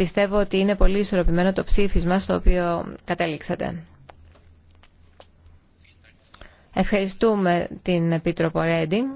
Πιστεύω ότι είναι πολύ ισορροπημένο το ψήφισμα στο οποίο κατέληξατε. Ευχαριστούμε την Επίτροπο Ρέντινγκ.